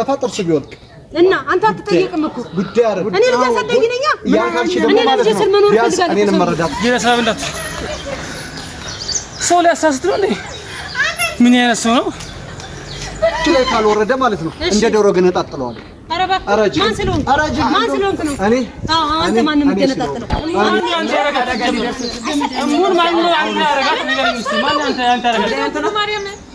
ተፈጥርሱ ቢወልቅ እና አንተ አትጠየቅም እኮ ጉዳይ አይደለም። እኔ ልጅ አሳዳጊ ነኝ። ያ ደግሞ ማለት ነው ቢያንስ እኔንም መረዳት ቤተሰብ እንዳት ሰው ሊያሳስት ነው እንዴ? ምን አይነት ሰው ነው? እጅ ላይ ካልወረደ ማለት ነው እንደ ዶሮ ግን እጣጥለዋለሁ። ማንም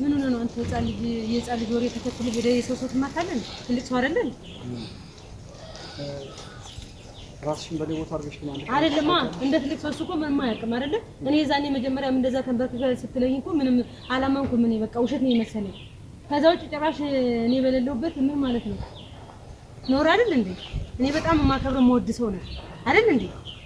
ምን ሆነ ነው አንተ? ህፃን ልጅ የህፃን ልጅ ወሬ ተከትል ሄደ የሰው ሰው ትማታለን። ትልቅ ሰው አይደለን። ራስሽን በሌ ቦታ አድርገሽ ነው ማለት አይደለማ። እንደ ትልቅ ሰው እኮ ምንም አያውቅም አይደለ? እኔ ዛኔ መጀመሪያ እንደዛ ተንበርክከ ስትለኝ እኮ ምንም አላማንኩ ምን በቃ ውሸት ነው የመሰለኝ። ከዛ ውጭ ጭራሽ እኔ በሌለሁበት ምን ማለት ነው ኖር አይደል እንዴ? እኔ በጣም የማከብረው የምወድ ሰው ነው አይደል እንዴ?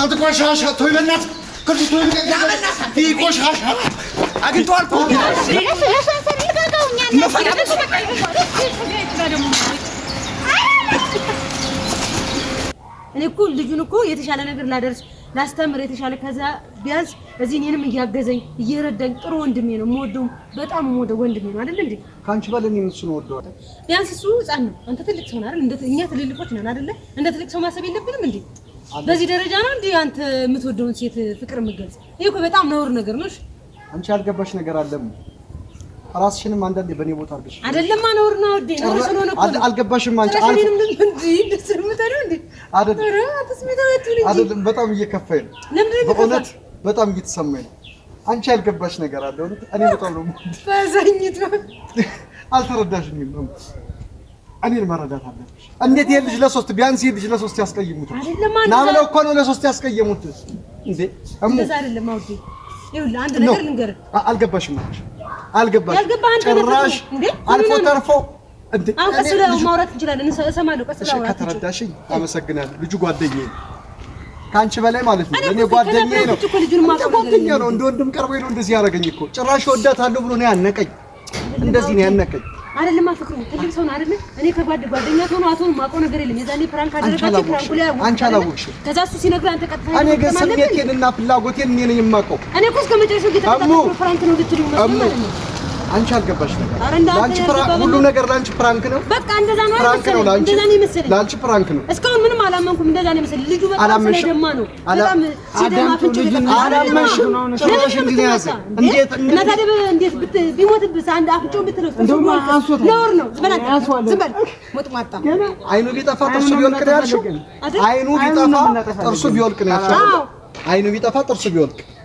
አንተ ቆሻሻ ተወይ፣ በእናትህ ቆሻሻ አግኝተዋል እኮ እኔ እኮ ልጁን እኮ የተሻለ ነገር ላደርስ ላስተምር የተሻለ ከዛ ቢያንስ እዚህ እኔንም እያገዘኝ እየረዳኝ ጥሩ ወንድሜ ነው። የምወደው በጣም የምወደው ወንድሜ ነው አይደል እንዴ? ካንቺ በላይ እኔ እሱን እወደዋለሁ። ቢያንስ እሱ ህፃን ነው፣ አንተ ትልቅ ሰው ነህ አይደል? እንደ እኛ ትልልቆች ነን አይደል? እንደ ትልቅ ሰው ማሰብ የለብንም እንዴ? በዚህ ደረጃ ነው እንዴ አንተ የምትወደውን ሴት ፍቅር የምትገልጽ? ይሄ እኮ በጣም ነውር ነገር ነው። አንቺ ያልገባሽ ነገር አለም ራስሽንም አንዳንዴ በእኔ ቦታ አድርገሽ አይደለም። ነውር ነው ወዴ፣ ነውር ስለሆነ እኮ አልገባሽም አንቺ አልኩ እንዴ ደስ የምትለው እንዴ አይደለም። በጣም እየከፋኝ ነው በእውነት በጣም እየተሰማኝ ነው። አንቺ ያልገባሽ ነገር አለ። እኔ በጣም ነው በዛኝት አልተረዳሽኝም። እኔን መረዳት አለብሽ። እንዴት ይሄድሽ ለሶስት ቢያንስ ይሄድሽ ለሶስት ያስቀይሙት ና ብለው እኮ ነው ለሶስት ያስቀየሙት እንዴ እሙ አንድ ጭራሽ አልፎ ተርፎ ቀስ ብለህ ማውራት ከተረዳሽኝ አመሰግናለሁ። ልጁ ጓደኛዬ ነው ከአንቺ በላይ ማለት ነው። እኔ ጓደኛዬ ነው ጓደኛ ነው። እንደ ወንድም ቀርቦ ነው እንደዚህ ያደረገኝ እኮ ጭራሽ ወዳታለሁ ብሎ ነው ያነቀኝ። እንደዚህ ነው ያነቀኝ። አይደለም አፍቅሩ ትልቅ ሰው ነው አይደለ? እኔ ከጓድ ጓደኛ ከሆነ አቶ ማውቀው ነገር የለም። የዛኔ ፕራንክ አደረጋችሁ ፕራንክ ላይ አንቺ አላወቅሽ። ከዛ እሱ ሲነግር አንተ ቀጥታ እኔ ግን ስሜቴን ፍላጎቴን እኔ ነኝ የማውቀው። እኔ እኮ እስከ መጨረሻው ጌታ ፕራንክ ነው ልትሉ ማለት ነው አንቺ አልገባሽ ነገር ላንቺ ሁሉ ነገር ላንቺ ፕራንክ ነው። በቃ እንደዛ ነው። ፕራንክ ነው ላንቺ ላንቺ ፕራንክ ነው። እስካሁን ምንም አላመንኩም። እንደዛ ነው መሰለኝ። ልጁ በጣም ስለደማ ነው። በጣም ሲደማ ፍንጭ ልጅ አላመንሽም ነው ነው እንግዲህ ያዘ እንዴት እና ታዲያ እንዴት ብት ቢሞትብስ አንድ አፍንጮ ብትለው እንደውም አንሶት ነውር ነው። ዝበላ ዝበል ማጣ አይኑ ቢጠፋ ጥርሱ ቢወልቅ ነው ያልሽው። አይኑ ቢጠፋ ጥርሱ ቢወልቅ ነው ያልሽው። አይኑ ቢጠፋ ጥርሱ ቢወልቅ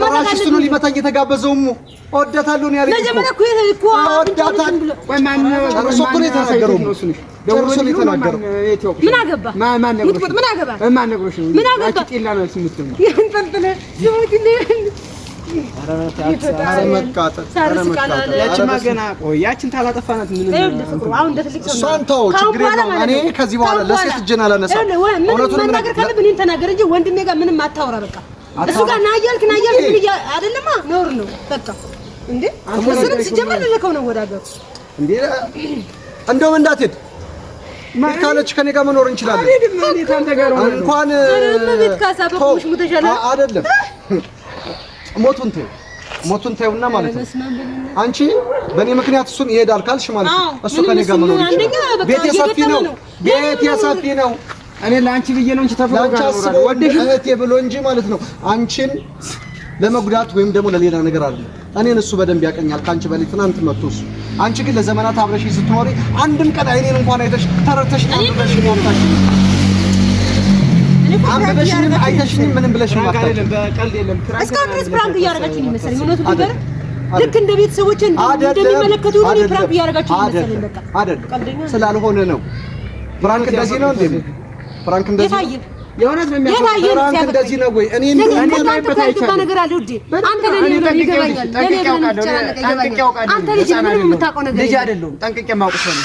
ጭራሽ እሱ ነው ሊመታኝ የተጋበዘው። እወዳታለሁ ነው ያለኝ እኮ እወዳታለሁ። ጨርሶ የተናገረው። ጨርሶ ነው የተናገረው። ምን አገባህ? ምን አገባህ? ምን አገባህ? ኧረ መቃጠል! ያቺማ ገና ቆይ፣ ያቺን ታላጠፋናት። እሷን ተው፣ ችግር የለውም። እኔ ከዚህ በኋላ ለሴት እጄን አላነሳም። እውነቱን መናገር ካለብህ እኔን ተናገር እንጂ ወንድሜ ጋር ምንም አታውራ። በቃ እሱ ጋር ና እያልክ ና እያልክ ምን እያ አይደለማ፣ ነውር ነው። በቃ እንዴ እሱንም ሲጀመር ልልከው ነው ወደ ሀገሩ። እንዴ እንደውም እንዳትሄድ ማን ካለች ከኔ ጋር መኖር እንችላለን። እንኳን ቤት ካሳበኩሽ ሙተሻለ አይደለም ሞቱን ተይው ሞቱን ተይውና ማለት ነው። አንቺ በእኔ ምክንያት እሱን ይሄዳል ካልሽ ማለት ነው እሱ ከኔ ጋር መኖር ይችላል። ቤቴ ሰፊ ነው። ቤቴ ሰፊ ነው። እኔ ለአንቺ ብዬ ነው እንጂ ተፈራ ጋር እህቴ ብሎ እንጂ ማለት ነው አንቺን ለመጉዳት ወይም ደግሞ ለሌላ ነገር አለ። እኔን እሱ በደንብ ያቀኛል ከአንቺ በላይ ትናንት መጥቶ እሱ። አንቺ ግን ለዘመናት አብረሽ ስትኖሪ አንድም ቀን አይኔን እንኳን አይተሽ ተረድተሽ ታምበሽ ሞምታሽ አንበሽንም አይተሽንም ምንም ብለሽ ማታሽ እስካሁን ድረስ ፕራንክ እያደረጋችሁኝ ይመስለኝ እውነቱን ነገር ልክ እንደ ቤተሰቦቼ እንደሚመለከቱ ፕራንክ እያደረጋችሁኝ ይመስለኝ። በቃ አይደለም ስላልሆነ ነው ፕራንክ እንደዚህ ነው እንዴ ፍራንክ እንደዚህ የእውነት ነው የሚያፈራው። ፍራንክ እንደዚህ ነው ወይ? እኔ እኔ የማይበት አይቻልም ነገር አለ ውዴ። አንተ ለኔ ነው ይገባኛል። ለኔ ነገር ይቻላል ነገር ይገባኛል። አንተ ልጅ ምንም የምታውቀው ነገር ልጅ አይደለሁም። ጠንቅቄ የማውቅ ሰው ነው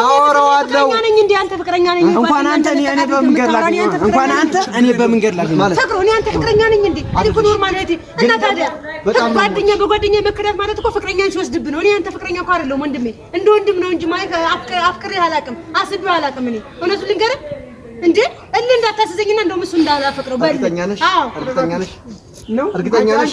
አወራዋለሁ። እንኳን አንተ እኔ በመንገድ ላገኘሁ እንኳን አንተ እኔ በመንገድ ላገኘሁ ማለት ፍቅሩ እኔ አንተ ፍቅረኛ ነኝ እንዴ? እኔ ኖርማል እህቴ እና ታዲያ ጓደኛ በጓደኛ መከዳት ማለት እኮ ፍቅረኛን ሲወስድብህ ነው። እኔ አንተ ፍቅረኛ እኮ አይደለሁም ወንድሜ፣ እንደ ወንድም ነው እንጂ ማለት አፍቅሬህ አላውቅም፣ አስቤው አላውቅም። እኔ እውነቱን ልንገርህ እንዴ እልህ እንዳታስይዘኝና እንደውም እሱ እንዳላፈቅረው በል። ነሽ? እርግጠኛ ነሽ? እርግጠኛ ነሽ?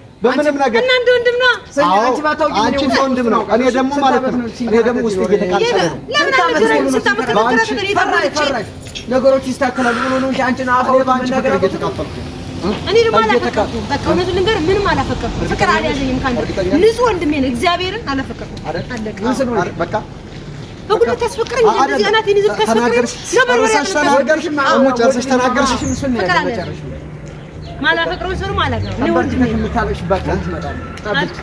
በምንም ነገር እናንተ ወንድም ነው። አንቺ ባታውቂ አንቺ ወንድም ነው። እኔ ደግሞ ማለት ነው ደግሞ ውስጥ እየተቃጠለ ነው። ለምን ነው ነገሮች ይስተካከላሉ ብሎ ነው እንጂ አንቺ ነው ባንቺ ነገር እኔ ደግሞ አላፈቀርኩም። በቃ እውነቱን ልንገር፣ ምንም አላፈቀርኩም። ፍቅር አልያዘኝም። ካንተ ንጹህ ወንድሜ ነው። እግዚአብሔርን አላፈቀርኩም። በቃ በጉልበት ታስፈቅረኝ እንደዚህ አናቴን ይዘህ ታስፈቅረኝ ነበር። ተናገርሽ ተናገርሽ ተናገርሽ ማላፈቅረውን ሰሩ ማለት ነው። እኔ ወንድሜ የምታለቅሽባቸው ትመጣለች።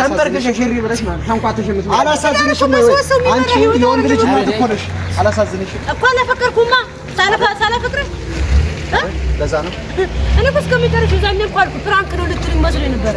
ተንበርክከሽ ብለሽ ማለት ተንኳተሽ አላሳዝንሽም ወይ? አንቺ የወንድ ልጅ እናት እኮ ነሽ። አላሳዝንሽም እኮ አላፈቀርኩማ። ሳላፈቅረሽ ለዛ ነው እኔ እኮ እስከሚጨርሽ እዛ የሚያልቋልኩ ፍራንክ ነው ልትሉኝ መስሎኝ ነበረ።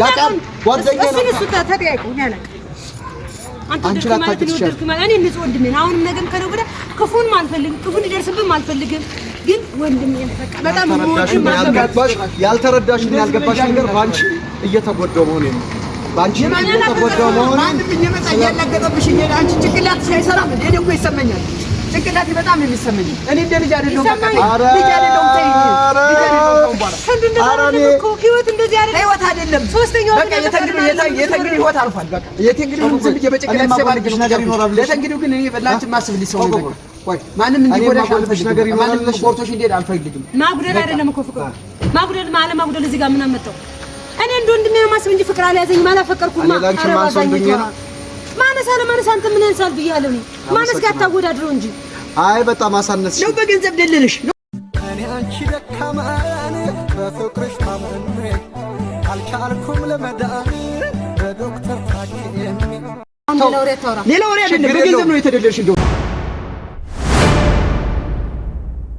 ያውቃል ጓደኛ ነው። እሱ ተጠያይቁ አንቺ ላታውቂ ትችያለሽ። እኔ ንጹህ ወንድሜ ነው። አሁንም ነገም ከነገ ወዲያ ክፉንም አልፈልግም፣ ክፉን ይደርስብም አልፈልግም። ግን ወንድሜ በጣም ያልተረዳሽ ያልገባሽ ነገር በአንቺ እየተጎዳሁ መሆኔን ነው። በአንቺ እየተጎዳሁ መሆኔን እያናገጠብሽ አንቺ ጭንቅላት አይሰራም። እኔ እኮ ይሰማኛል፣ ጭንቅላት በጣም የሚሰማኝ። እኔ እንደ ልጅ አይደለሁም፣ ልጅ አይደለሁም። አይደለም። ሶስተኛው በቃ የተንግዲህ የተንግዲህ እኔ ማጉደል ፍቅር ማጉደል ማለ ማጉደል እዚህ ጋር ምን አመጣው? እኔ እንደ ወንድሜ ማስብ እንጂ ፍቅር አልያዘኝም፣ አላፈቀርኩም። ማነስ አለማነስ አንተ ምን ያንሳል ብያለሁ። ማነስ ጋር ታወዳድረው እንጂ አይ በጣም አሳነስሽ ነው። በገንዘብ ደለለሽ ከኔ አንቺ ደካማ ሌላ ወሬ አይደለም፣ በገንዘብ ነው የተደለልሽ እንደው